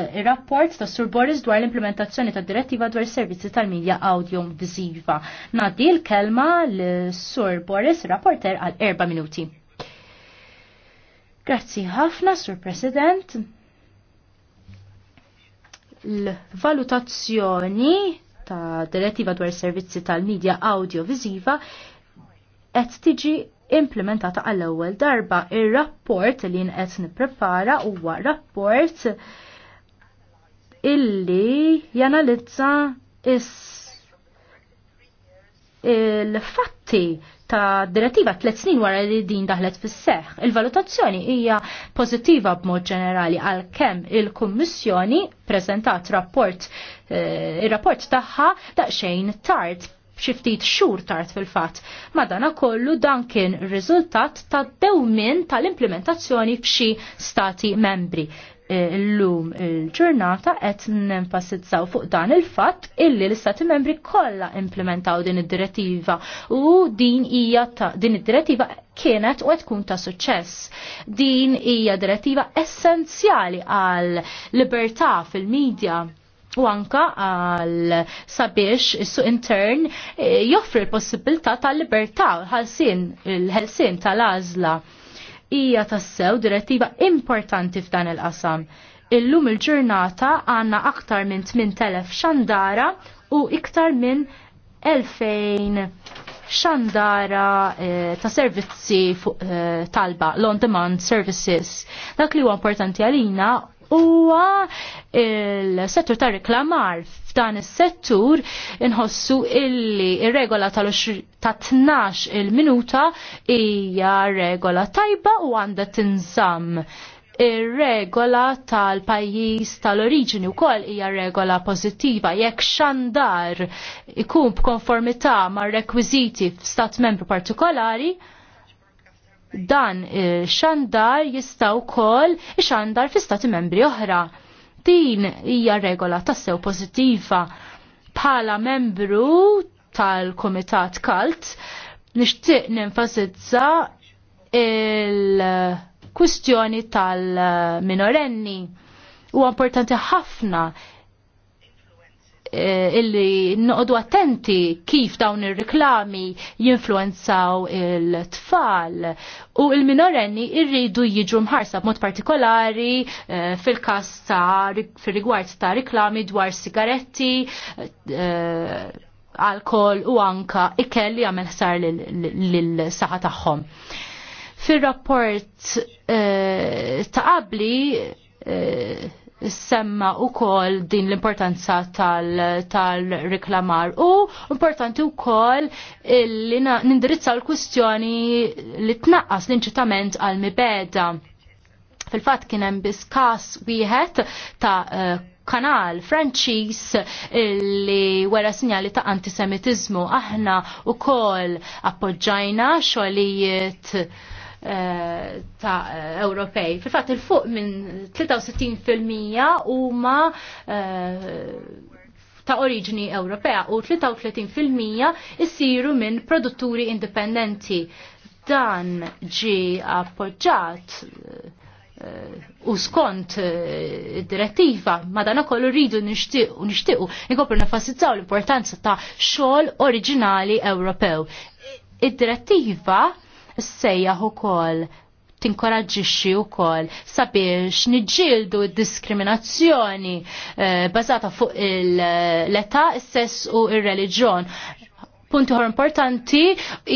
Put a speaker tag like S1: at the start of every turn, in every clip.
S1: ir-rapport ta' Sur Boris dwar l-implementazzjoni ta' direttiva dwar servizzi tal midja audio viziva. Nadi l-kelma l-Sur Boris, rapporter għal erba' minuti. Grazzi ħafna, Sur President. L-valutazzjoni ta' direttiva dwar servizzi tal midja audio viziva qed tiġi implementata għall ewwel darba ir-rapport li nqed nipprepara huwa rapport illi janalizza is il-fatti ta' direttiva tlet snin wara li din daħlet fis seħħ Il-valutazzjoni hija pożittiva b'mod ġenerali għal kemm il-Kummissjoni preżentat rapport eh, ir-rapport tagħha daqsxejn tard xiftit xur tard fil-fat. Madana kollu dan kien riżultat ta' dewmin tal-implementazzjoni f'xi stati membri. Eh, l-lum il-ġurnata qed nenfasizzaw fuq dan il-fatt illi l-istati membri kollha implementaw din id-direttiva u din hija ta' din id-direttiva kienet u tkun ta' suċċess. Din hija direttiva essenzjali għal libertà fil-medja u anka għal sabiex su intern eh, joffri l-possibilità tal-libertà sin, il-ħelsin tal-azla hija tassew direttiva importanti f'dan il-qasam. Illum il-ġurnata għanna aktar minn 8000 xandara u iktar minn 2000 xandara eh, ta' servizzi eh, talba, l-on-demand services. Dak li huwa importanti għalina huwa il-settur ta' reklamar f'dan is-settur inħossu illi il regola tal ta' 12 il-minuta hija regola tajba u għanda tinżamm ir-regola tal-pajjiż tal-oriġini wkoll hija regola pożittiva jekk xandar ikun b'konformità mar-rekwiżiti f'stat membru partikolari dan e, xandar jistaw kol xandar fi stati membri oħra. Din hija regola tassew pozittiva bħala membru tal-Komitat Kalt nixtieq ninfasizza il-kwistjoni tal-minorenni. U importanti ħafna Eh, illi noqdu attenti kif dawn ir-riklami jinfluenzaw il-tfal u il-minorenni irridu jiġu mħarsa b'mod partikolari eh, fil-kas ta' fil-rigward ta' riklami dwar sigaretti, eh, alkohol u anka ikelli li ħsar lil saħa tagħhom. Fil-rapport ta' qabli semma u kol din l-importanza tal-reklamar tal u importanti u kol li nindirizza l-kustjoni li tnaqqas l-inċitament għal-mibeda. Fil-fat kienem biskas wieħed ta' uh, kanal Franċis li wera sinjali ta' antisemitizmu. Aħna u kol appoġġajna xolijiet ta' Ewropej. Fil-fatt il-fuq minn 63% huma eh, ta' oriġini Ewropea u 33% issiru minn produtturi indipendenti. Dan ġi appoġġat eh, u skont eh, direttiva madana kollu rridu nishtiqu nishtiqu nikopru nefasizzaw l-importanza ta' xogħol oriġinali Ewropew. Id-direttiva ssejjaħ ukoll tinkoraġġixxi wkoll sabiex niġġieldu diskriminazzjoni bazata eh, bażata fuq l-età, is-sess u r-reliġjon. Punti ieħor importanti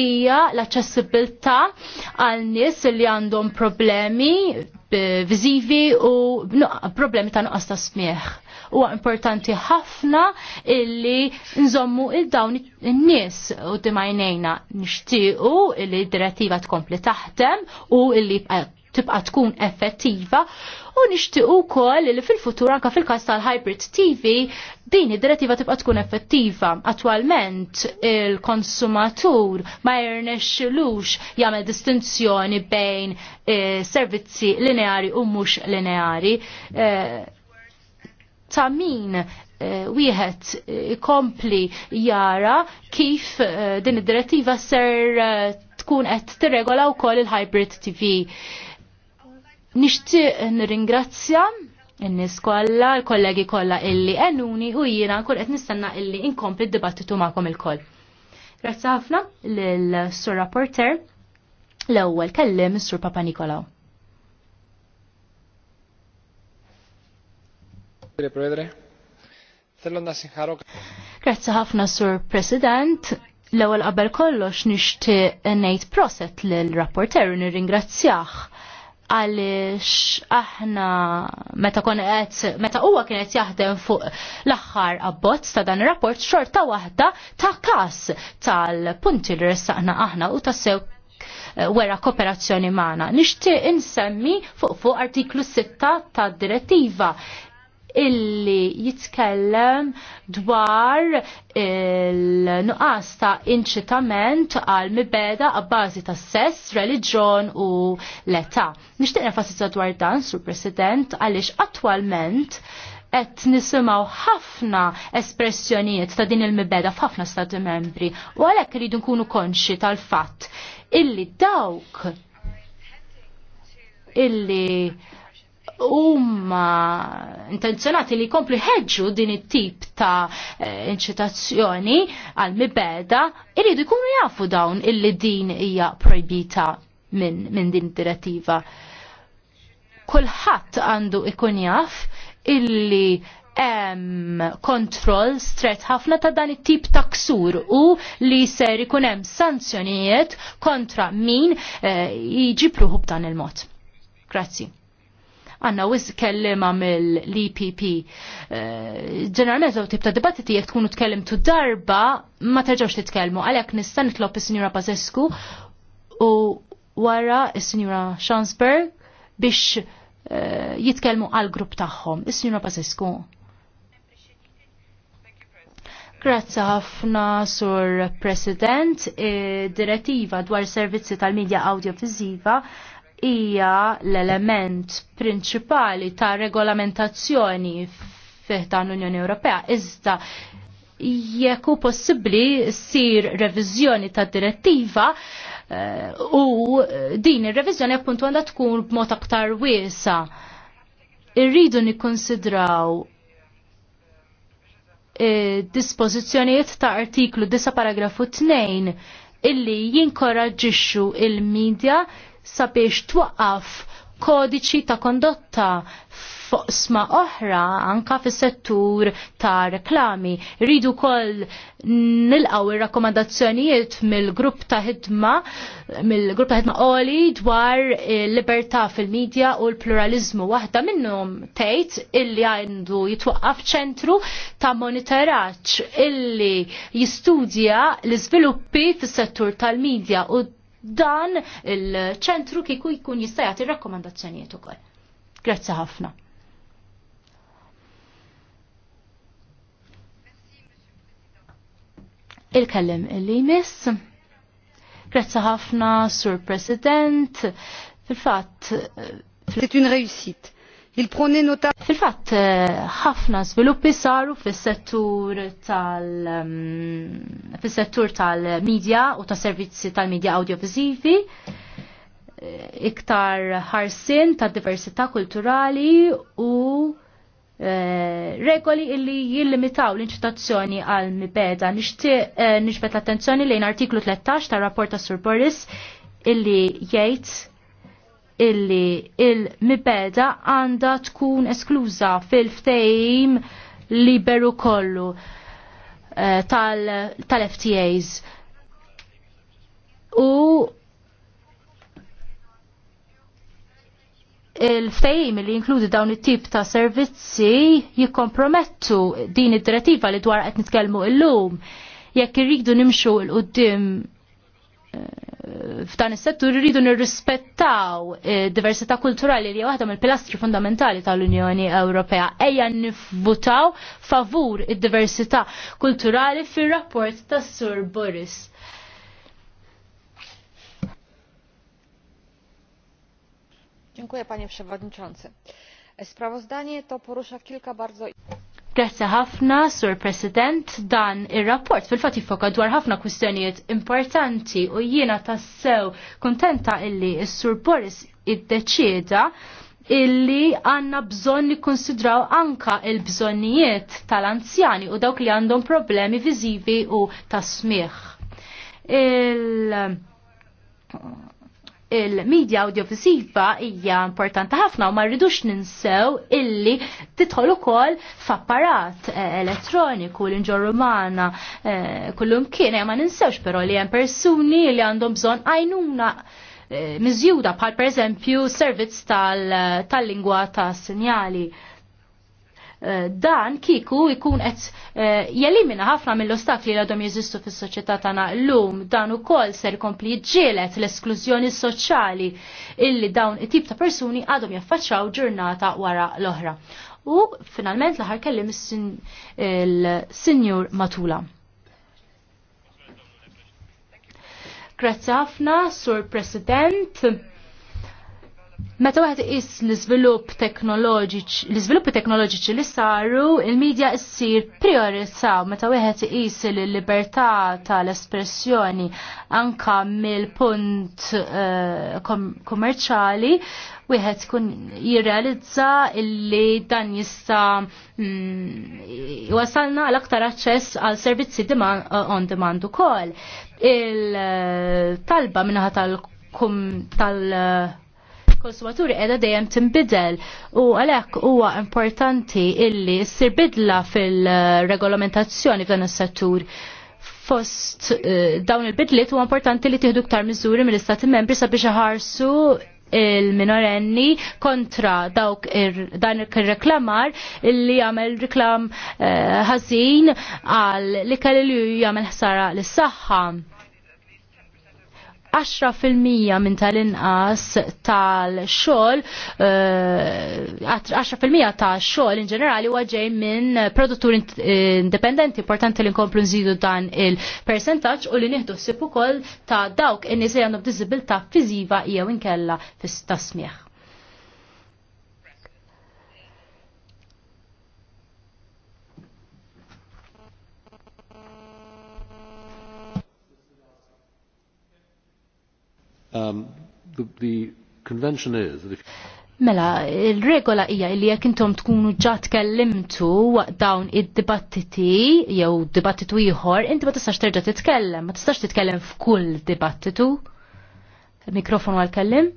S1: hija l-aċċessibilità għal nies li għandhom problemi eh, viżivi u problemi ta' nuqqas ta' smieħ huwa importanti ħafna illi nżommu il-dawn in-nies u dimajnejna nixtiequ illi d-direttiva tkompli taħdem u illi eh, tibqa tkun effettiva u nixtiequ wkoll li fil-futur anke fil-każ tal-hybrid TV din id-direttiva tibqa tkun effettiva. Attualment il-konsumatur ma jirnexxilux jagħmel distinzjoni bejn eh, servizzi lineari u mhux lineari. Eh, ta' min eh, wieħed eh, ikompli jara kif eh, din id-direttiva ser tkun qed tirregola wkoll il-hybrid TV. Nixtieq nirringrazzja n-nis kollha, l-kollegi kollha illi għennuni u jiena nkun qed nistenna illi inkompli d-dibattitu magħkom il-koll. Grazzi ħafna lill sur Rapporter l-ewwel kellim is-Sur Papa Nikolaw. Grazzi ħafna sur President. L-ewwel qabel kollox nixtieq ngħid proset lill rapporter nirringrazzjah għaliex aħna meta kon qed meta huwa kien qed jaħdem fuq l-aħħar abbozz ta' dan ir-rapport xorta waħda ta' każ tal-punti li ressaqna aħna u tassew eh, wera kooperazzjoni magħna. Nixtieq insemmi fuq fuq artiklu 6 tad-direttiva illi jitkellem dwar il-nuqqas ta' inċitament għal mibeda għabbażi ta' sess, religjon u l-età. Nishtiq nefasizza dwar dan, Sur President, għalix attualment qed nisimgħu ħafna espressjonijiet ta' din il-mibeda f'ħafna stati membri u għalhekk iridu nkunu konxi tal-fatt illi dawk illi huma intenzjonati li jkomplu ħeġġu din it-tip ta' eh, inċitazzjoni għal mibeda irridu jkunu jafu dawn illi din hija projbita minn min din direttiva. Kulħadd għandu ikun jaf illi hemm kontroll stret ħafna ta' dan it-tip ta' ksur u li ser ikun hemm sanzjonijiet kontra min eh, jiġi pruħu b'dan il-mod. Grazzi għanna wis kellima mill-EPP. Eh, ġeneralment uh, tibta ta' dibattiti jek tkunu tu darba ma terġawx titkellmu għalhekk nista' nitlob is-Sinjura Pazescu u wara il sinjura Shansberg biex eh, jitkellmu għal grupp tagħhom. Is-Sinjura Pazescu. Grazzi ħafna sur President, eh, direttiva dwar servizzi tal-medja audiovisiva hija l-element prinċipali ta' regolamentazzjoni fih dan l-Unjoni Ewropea. Iżda jekk hu possibbli ssir reviżjoni ta' direttiva uh, u din ir-reviżjoni appuntu għandha tkun b'mod aktar wiesa. Irridu nikkonsidraw eh, dispożizzjonijiet ta' artiklu 9 paragrafu 2 illi jinkoraġġixxu il-medja sabiex twaqqaf kodiċi ta' kondotta foqsma oħra anka fis settur ta' reklami. Ridu kol nilqaw il-rakkomandazzjonijiet mill-grupp ta' ħidma, mill-grupp ta' ħidma oli dwar il-libertà fil-medja u l-pluralizmu. Waħda minnhom tgħid illi għandu jitwaqqaf ċentru ta' monitoraġġ illi jistudja l-iżviluppi fis-settur tal-medja u dan il-ċentru kiku jkun jista' jagħti rakkomandazzjonijiet ukoll. Grazie ħafna. Il-kellim li jmiss. Grazzi ħafna, Sur President. fil fat eh, C'est une réussite Il-proni nota. Fil-fat, eh, ħafna sviluppi saru fil-settur tal- ehm, settur tal-medja u ta' servizzi tal-medja audiovisivi eh, iktar ħarsin ta' diversità kulturali u eh, regoli illi jillimitaw l-inċitazzjoni għal mibeda nixbet l-attenzjoni lejn artiklu 13 ta' rapport Sur Boris illi jgħid illi il-mibeda għanda tkun eskluża fil-ftejim liberu kollu uh, eh, tal-FTAs. Tal U il-fejm li jinkludi dawn it-tip ta' servizzi jikkompromettu din id-direttiva li dwar qed nitkellmu illum jekk irridu nimxu l-qudiem f'dan is-settur irridu nirrispettaw eh, diversità kulturali li waħda mill-pilastri fundamentali tal-Unjoni Ewropea. Ejja nifvutaw favur id-diversità kulturali fir-rapport tas-Sur Boris. Dziękuję panie przewodniczący. Sprawozdanie to porusza kilka bardzo Grazzi ħafna, Sur President, dan ir-rapport fil-fatt jifoka dwar ħafna kwistjonijiet importanti u jiena tassew kontenta illi s-Sur Boris iddeċieda illi għanna bżon nikkonsidraw anka il-bżonnijiet tal-anzjani u dawk li għandhom problemi viżivi u tasmiħ. Il il-medja audiovisiva hija importanti ħafna u ma rridux ninsew illi titħol ukoll f'apparat eh, elettroniku l rumana eh, kullum kien eh, ma ninsewx però li hemm persuni li għandhom bżonn għajnuna miżjuda bħal pereżempju servizz tal-lingwa ta' sinjali. Eh, dan kiku ikun qed eh, jelimina ħafna mill-ostakli li għadhom jeżistu fis-soċjetà tagħna llum dan ukoll ser jkompli ġielet l-esklużjoni soċjali illi dawn it-tip ta' persuni għadhom jaffaċċaw ġurnata wara l-oħra. U finalment l-aħħar kellim il-Sinjur Matula. Grazzi ħafna, Sur President. Meta wieħed is l-iżvilupp teknoloġiċi, l-iżviluppi teknoloġiċi li saru, il-medja ssir priorizzaw meta wieħed is l-libertà tal-espressjoni anka mill-punt uh, kummerċali, wieħed kun jirrealizza illi dan jista' mm, wasalna l aktar aċċess għal servizzi eh, on demand ukoll. Il-talba eh, minnaħa tal-kum tal-, -kum, tal konsumaturi edha dejjem timbidel u għalhekk huwa importanti illi ssir bidla fil-regolamentazzjoni f'dan is-settur fost eh, dawn il-bidliet huwa importanti li tieħdu ktar miżuri mill-istati membri sabiex iħarsu il-minorenni kontra dawk ir, dan il-reklamar li jagħmel riklam eh, ħażin għal li kelli li jagħmel ħsara lis-saħħa. 10% minn tal-inqas tal-xogħol, 10% tax-xogħol in ġenerali huwa ġej minn produttur indipendenti, importanti li nkomplu nżidu dan il-percentaġġ u li nieħdu s-sipu ukoll ta' dawk in-nies li għandhom diżibilità fiżiva jew inkella fis-tasmieħ. Um, the, the convention is that if Mela, il-regola hija li jekk intom tkunu ġa tkellimtu waqt dawn id-dibattiti jew dibattitu ieħor, inti ma tistax terġa' titkellem, ma tistax titkellem f'kull dibattitu. Mikrofon għal kellim.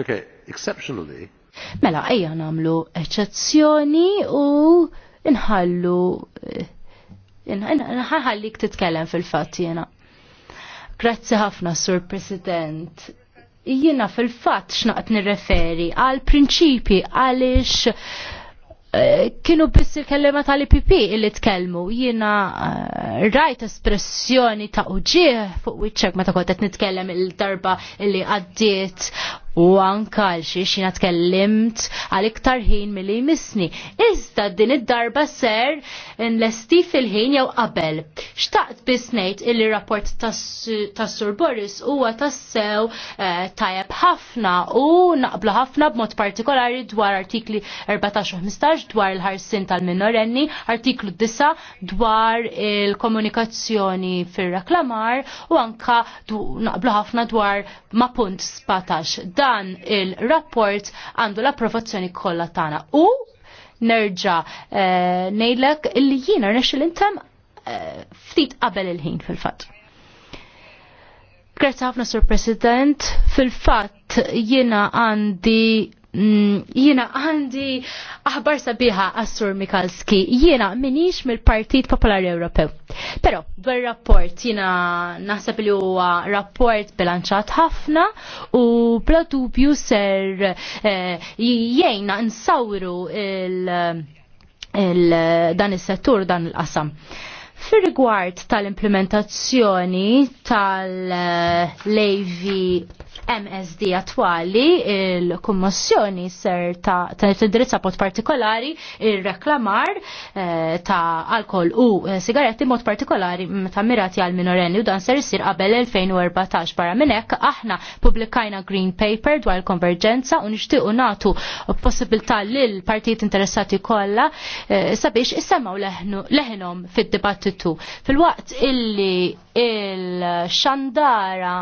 S1: Okay, exceptionally. Mela, ejja namlu eċezzjoni u nħallu eh, ħallik titkellem fil-fatt jiena. Grazzi ħafna, Sur President. Jiena fil-fatt x'naqt nirreferi għal prinċipi għaliex eh, kienu biss il-kellima tal-IPP illi tkellmu. Jiena eh, rajt espressjoni ta' uġieħ fuq wiċċek meta kont qed nitkellem il-darba illi għaddiet u anka għal xiex jina tkellimt għal iktar ħin mill-li jmissni. Iżda din id-darba ser n-lesti fil-ħin jew qabel. Xtaqt bisnejt illi rapport tas Sur Boris huwa tassew eh, tajab ħafna u naqblu ħafna b'mod partikolari dwar artikli 14-15 dwar il-ħarsin tal-minorenni, artiklu 9 dwar il-komunikazzjoni fir-reklamar u anka naqblu ħafna dwar ma' punt 17 dan il-rapport għandu l-approvazzjoni kollha tagħna. U nerġa' eh, ngħidlek li jiena rnexxil intem eh, ftit qabel il-ħin fil-fatt. Grazie ħafna, Sur President. Fil-fatt jiena għandi Mm, jiena għandi aħbar sabiħa għassur Mikalski, jiena minix mill-Partit Popolari Ewropew. Pero, dwar rapport, jiena naħseb li huwa rapport bilanċat ħafna u bla dubju ser eh, jgħina nsawru il, dan is-settur dan il-qasam. Fir rigward tal-implementazzjoni tal-levi MSD attuali il-Kummissjoni ser ta' t-indirizza mod partikolari il-reklamar eh, ta' alkohol u eh, sigaretti mod partikolari ta' mirati għal minorenni u dan ser jisir qabel 2014 barra minn hekk aħna publikajna Green Paper dwar il-konverġenza u nixtiequ nagħtu possibilità l partijiet interessati kollha eh, sabiex issemmaw leħinhom fid-dibattitu. Fil-waqt illi il-xandara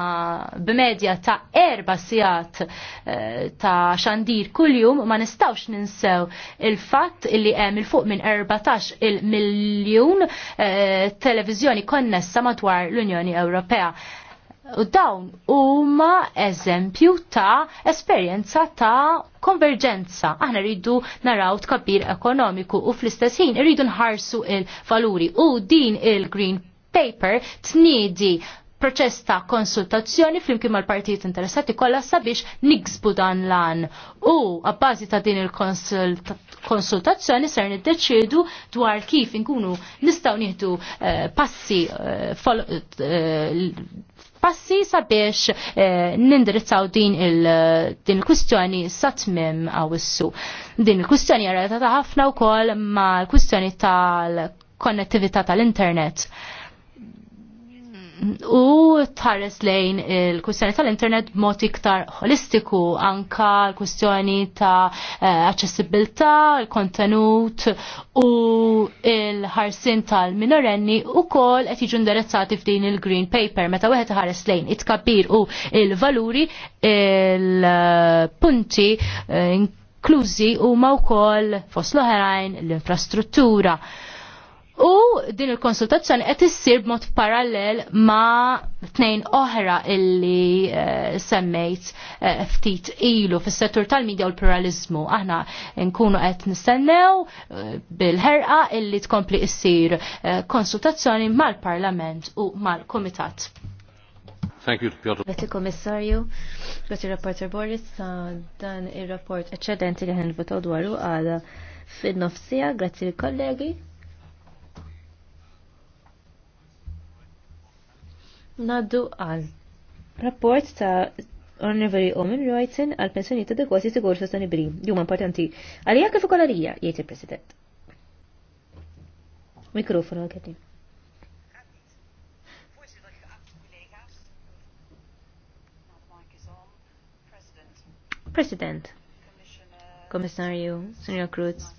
S1: b'medja ta' erba sijat eh, ta' xandir kuljum ma nistawx ninsew il-fatt illi hemm il-fuq minn 14 il-miljun eh, televizjoni konnessa matwar l-Unjoni Ewropea. U dawn huma eżempju ta' esperjenza ta' konverġenza. Aħna rridu naraw tkabbir ekonomiku u fl-istess ħin rridu nħarsu il-valuri u din il-Green Paper tniedi proċess ta' konsultazzjoni flimkien mal-partijiet interessati kollha sabiex niksbu dan lan. U għabbażi ta' din il-konsultazzjoni ser niddeċiedu dwar kif inkunu nistgħu nieħdu eh, passi eh, eh, passi sabiex nindirizzaw din il-kwistjoni satmim għaw issu. Din il-kwistjoni għarreta ta' ħafna u kol ma' l-kwistjoni tal-konnettività tal-internet. tal konnettivita tal konnettività tal internet u tħares lejn il-kustjoni tal-internet mod iktar holistiku anka l-kustjoni ta' eh, aċċessibilità, il-kontenut u il-ħarsin tal-minorenni u kol qed jiġu indirizzati f'din il-Green Paper meta wieħed ħares lejn it-kabbir u il-valuri il-punti eh, inklużi u ma' wkoll fost l-oħrajn l-infrastruttura. U din il-konsultazzjoni qed issir b'mod parallel ma' tnejn oħra illi uh, semmejt uh, ftit ilu fis-settur tal-medja u l-pluralizmu. Aħna nkunu qed nistennew uh, bil-ħerqa illi tkompli issir uh, konsultazzjoni mal-Parlament u mal-Kumitat. Thank you, Piotr. Għati Komissarju, grazie Rapporter Boris, dan il-rapport eccedenti li ħen votaw dwaru għada fid-nofsija, grazzi l kollegi. Naddu għal rapport ta' Honorary Omen Reuten għal pensjoni ta' dekwasi sigur sostenibili. Juma importanti. Għalija kif ukoll għalija, jgħid il-President. Mikrofonu għakati. President, Commissario, Senior Cruz,